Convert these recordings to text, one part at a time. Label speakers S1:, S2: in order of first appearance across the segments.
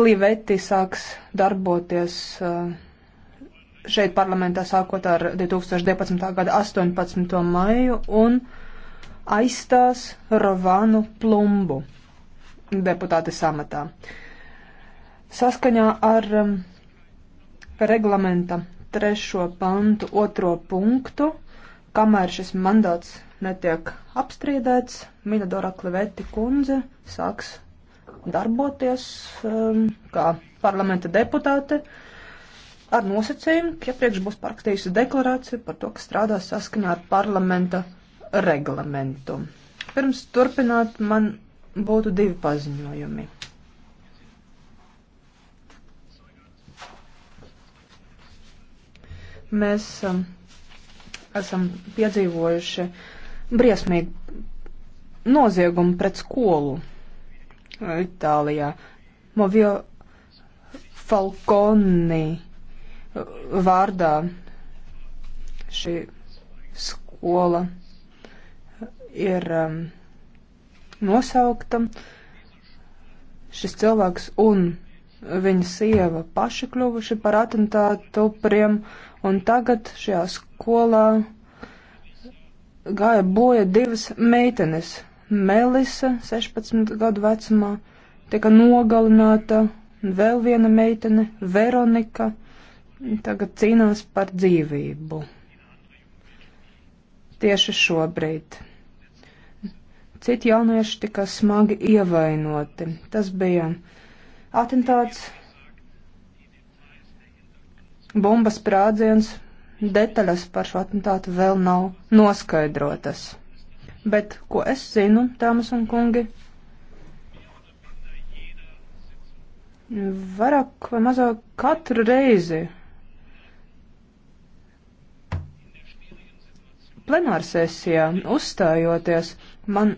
S1: Līveti sāks darboties uh, šeit parlamentā sākot ar 2012. gada 18. maiju un aizstās Rovanu Plumbu deputāte samatā. Saskaņā ar um, reglamenta trešo pantu otro punktu, kamēr šis mandāts netiek apstrīdēts, Minadora Kliveti kundze sāks darboties um, kā parlamenta deputāte ar nosacījumu, ka iepriekš būs parakstījusi deklarāciju par to, ka strādā saskanā ar parlamenta reglamentu. Pirms turpināt, man būtu divi paziņojumi. Mēs um, esam piedzīvojuši briesmīgu noziegumu pret skolu Itālijā. Movio Falconi vārdā šī skola ir um, nosaukta. Šis cilvēks un viņa sieva paši kļuvuši par atentātu upuriem, un tagad šajā skolā gāja boja divas meitenes Melisa 16 gadu vecumā tika nogalināta, un vēl viena meitene, Veronika, tagad cīnās par dzīvību. Tieši šobrīd. Citi jaunieši tika smagi ievainoti. Tas bija atentāts, bumbas prādziens, detaļas par šo atentātu vēl nav noskaidrotas. Bet, ko es zinu, dāmas un kungi, vairāk vai mazāk katru reizi plenārsēsijā uzstājoties, man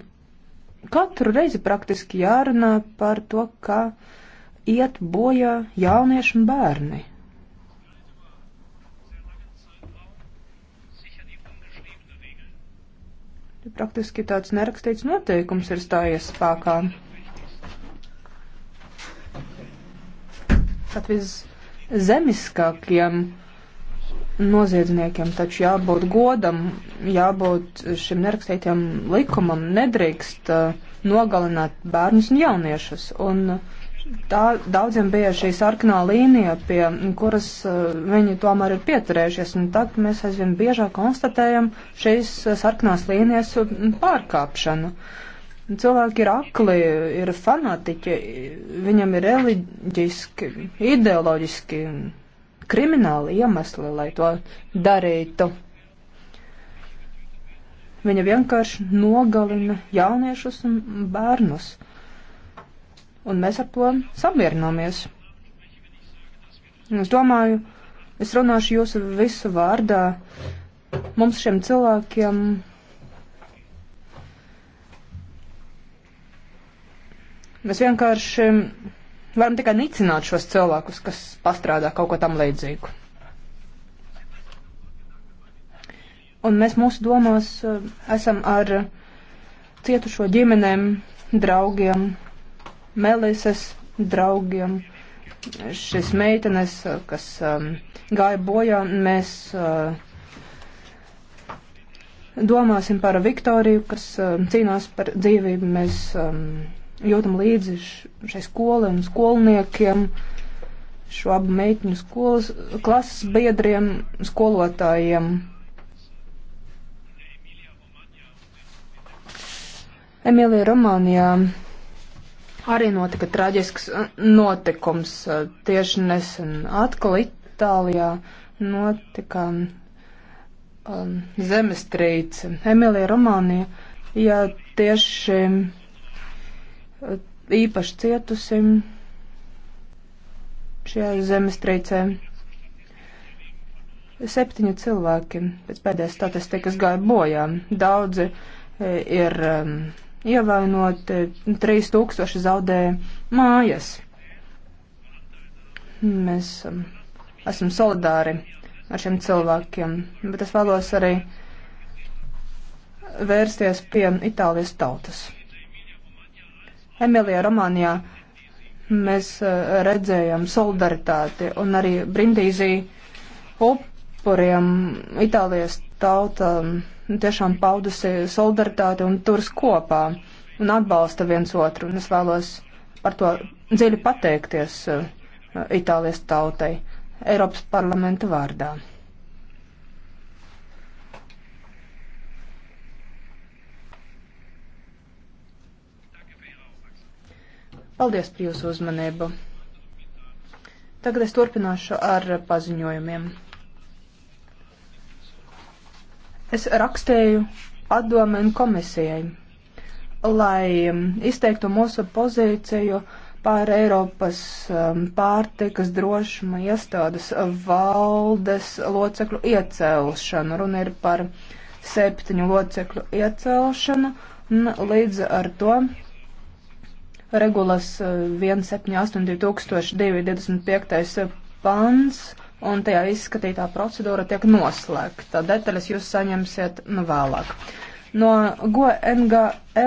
S1: katru reizi praktiski jārunā par to, kā iet bojā jaunieši un bērni. Praktiski tāds nerakstīts noteikums ir stājies spēkā. Pat viszemiskākiem noziedzniekiem taču jābūt godam, jābūt šim nerakstītiem likumam, nedrīkst uh, nogalināt bērnus un jauniešus. Un, uh, tā, daudziem bija šī sarkanā līnija, pie kuras uh, viņi tomēr ir pieturējušies, un tagad mēs aizvien biežāk konstatējam šīs sarkanās līnijas pārkāpšanu. Cilvēki ir akli, ir fanātiķi, viņam ir reliģiski, ideoloģiski, krimināli iemesli, lai to darītu. Viņa vienkārši nogalina jauniešus un bērnus. Uh, un mēs ar to samierināmies. Es domāju, es runāšu jūsu visu vārdā. Mums šiem cilvēkiem mēs vienkārši varam tikai nicināt šos cilvēkus, kas pastrādā kaut ko tam līdzīgu. Un mēs mūsu domās eh, esam ar cietušo ģimenēm, draugiem, Melises draugiem. Šis meitenes, kas um, gāja bojā, mēs uh, domāsim par Viktoriju, kas um, cīnās par dzīvību. Mēs um, jūtam līdzi šai skolai un skolniekiem, šo abu meitņu skolas, klases biedriem, skolotājiem. Emīlija Romānijā arī notika traģisks uh, notikums. Uh, tieši nesen atkal Itālijā notika um, zemestrīce. Emīlija Romānija, ja tieši uh, īpaši cietusi šajā zemestrīcē. Septiņi cilvēki pēc pēdējās statistikas gāja bojā. Daudzi eh, ir um, ievainot 3000 eh, zaudēja mājas. Mēs um, esam solidāri ar šiem cilvēkiem, bet es vēlos arī vērsties pie Itālijas tautas. Emilijā, Romānijā mēs eh, redzējām solidaritāti un arī brindīzī upuriem Itālijas tauta. Um, tiešām paudusi solidaritāti un turas kopā un atbalsta viens otru. Un es vēlos par to dziļi pateikties eh, Itālijas tautai Eiropas parlamenta vārdā. Paldies par jūsu uzmanību. Tagad es turpināšu ar paziņojumiem. Es rakstēju padomēm komisijai, lai um, izteiktu mūsu pozīciju par Eiropas um, pārtikas drošuma iestādes valdes locekļu iecelšanu. Runa ir par septiņu locekļu iecelšanu, un līdz ar to regulas 178 uh, 2025. pants un tajā izskatītā procedūra tiek noslēgta. Detaļas jūs saņemsiet nu vēlāk. No GNGL